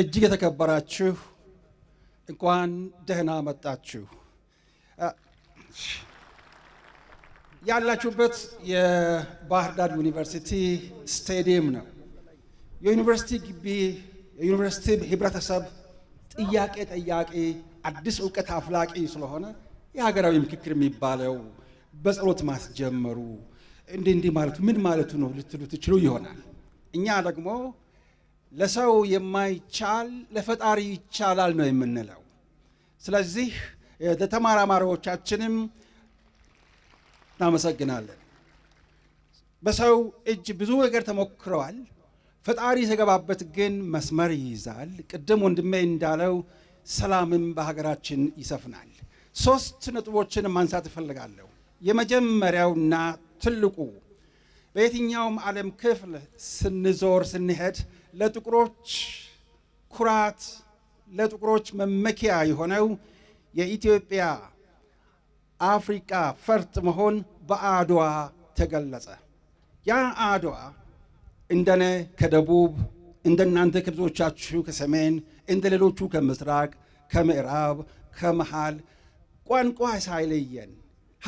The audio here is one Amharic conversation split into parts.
እጅግ የተከበራችሁ እንኳን ደህና መጣችሁ። ያላችሁበት የባህር ዳር ዩኒቨርሲቲ ስታዲየም ነው። የዩኒቨርሲቲ ግቢ የዩኒቨርሲቲ ህብረተሰብ ጥያቄ ጠያቂ፣ አዲስ እውቀት አፍላቂ ስለሆነ የሀገራዊ ምክክር የሚባለው በጸሎት ማስጀመሩ እንዲህ እንዲህ ማለቱ ምን ማለቱ ነው ልትሉ ትችሉ ይሆናል። እኛ ደግሞ ለሰው የማይቻል ለፈጣሪ ይቻላል ነው የምንለው። ስለዚህ ለተመራማሪዎቻችንም እናመሰግናለን። በሰው እጅ ብዙ ነገር ተሞክረዋል። ፈጣሪ የተገባበት ግን መስመር ይይዛል። ቅድም ወንድሜ እንዳለው ሰላምም በሀገራችን ይሰፍናል። ሶስት ነጥቦችን ማንሳት እፈልጋለሁ። የመጀመሪያውና ትልቁ በየትኛውም ዓለም ክፍል ስንዞር ስንሄድ ለጥቁሮች ኩራት፣ ለጥቁሮች መመኪያ የሆነው የኢትዮጵያ አፍሪቃ ፈርጥ መሆን በአድዋ ተገለጸ። ያ አድዋ እንደኔ ከደቡብ እንደናንተ ከብዞቻችሁ ከሰሜን እንደ ሌሎቹ ከምስራቅ፣ ከምዕራብ፣ ከመሃል ቋንቋ ሳይለየን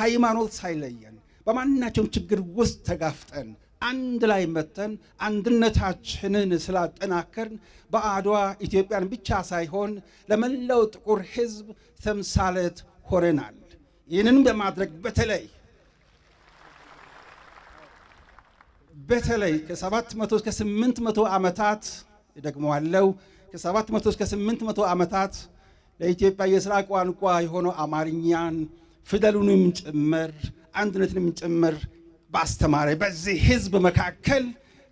ሃይማኖት ሳይለየን በማናቸውም ችግር ውስጥ ተጋፍጠን አንድ ላይ መተን አንድነታችንን ስላጠናከርን በአድዋ ኢትዮጵያን ብቻ ሳይሆን ለመላው ጥቁር ሕዝብ ተምሳሌት ሆነናል። ይህንን በማድረግ በተለይ በተለይ ከ700 እስከ 800 ዓመታት ደግመዋለው ከ700 እስከ 800 ዓመታት ለኢትዮጵያ የሥራ ቋንቋ የሆነው አማርኛን ፊደሉንም ጭምር አንድነትንም ጭምር ባስተማረ በዚህ ህዝብ መካከል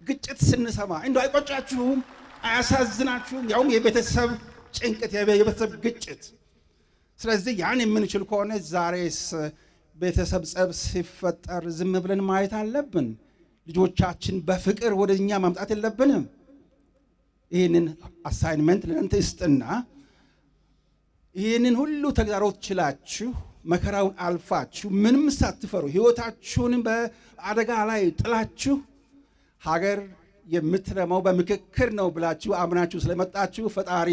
ግጭት ስንሰማ እንደው አይቆጫችሁም? አያሳዝናችሁም? ያውም የቤተሰብ ጭንቀት፣ የቤተሰብ ግጭት። ስለዚህ ያን የምንችል ከሆነ ዛሬስ ቤተሰብ ጸብ ሲፈጠር ዝም ብለን ማየት አለብን። ልጆቻችን በፍቅር ወደ እኛ ማምጣት የለብንም። ይህንን አሳይንመንት ለእናንተ ይስጥና ይህንን ሁሉ ተግዳሮት ችላችሁ መከራውን አልፋችሁ ምንም ሳትፈሩ ሕይወታችሁንም በአደጋ ላይ ጥላችሁ ሀገር የምትረመው በምክክር ነው ብላችሁ አምናችሁ ስለመጣችሁ ፈጣሪ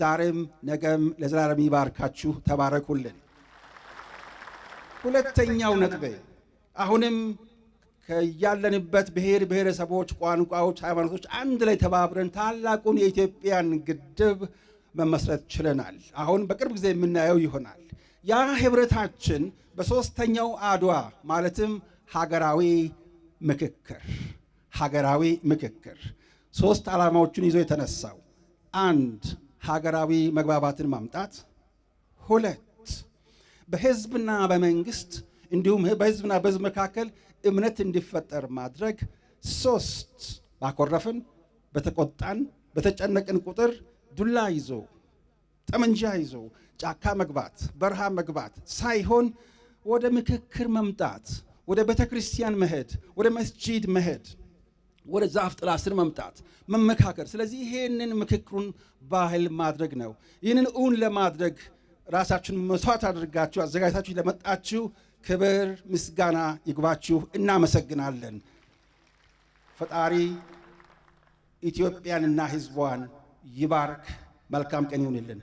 ዛሬም ነገም ለዘላለም ይባርካችሁ። ተባረኩልን። ሁለተኛው ነጥቤ አሁንም ከያለንበት ብሔር ብሔረሰቦች፣ ቋንቋዎች፣ ሃይማኖቶች አንድ ላይ ተባብረን ታላቁን የኢትዮጵያን ግድብ መመስረት ችለናል። አሁን በቅርብ ጊዜ የምናየው ይሆናል። ያ ህብረታችን በሦስተኛው አድዋ ማለትም ሀገራዊ ምክክር ሀገራዊ ምክክር ሶስት ዓላማዎችን ይዞ የተነሳው አንድ ሀገራዊ መግባባትን ማምጣት፣ ሁለት በህዝብና በመንግስት እንዲሁም በህዝብና በህዝብ መካከል እምነት እንዲፈጠር ማድረግ፣ ሶስት ባኮረፍን፣ በተቆጣን፣ በተጨነቅን ቁጥር ዱላ ይዞ ጠመንጃ ይዞ ጫካ መግባት፣ በረሃ መግባት ሳይሆን ወደ ምክክር መምጣት፣ ወደ ቤተ ክርስቲያን መሄድ፣ ወደ መስጂድ መሄድ፣ ወደ ዛፍ ጥላ ስር መምጣት፣ መመካከር። ስለዚህ ይህንን ምክክሩን ባህል ማድረግ ነው። ይህንን እውን ለማድረግ ራሳችሁን መስዋዕት አድርጋችሁ አዘጋጅታችሁ ለመጣችሁ ክብር ምስጋና ይግባችሁ። እናመሰግናለን። ፈጣሪ ኢትዮጵያንና ሕዝቧን ይባርክ። መልካም ቀን ይሁንልን።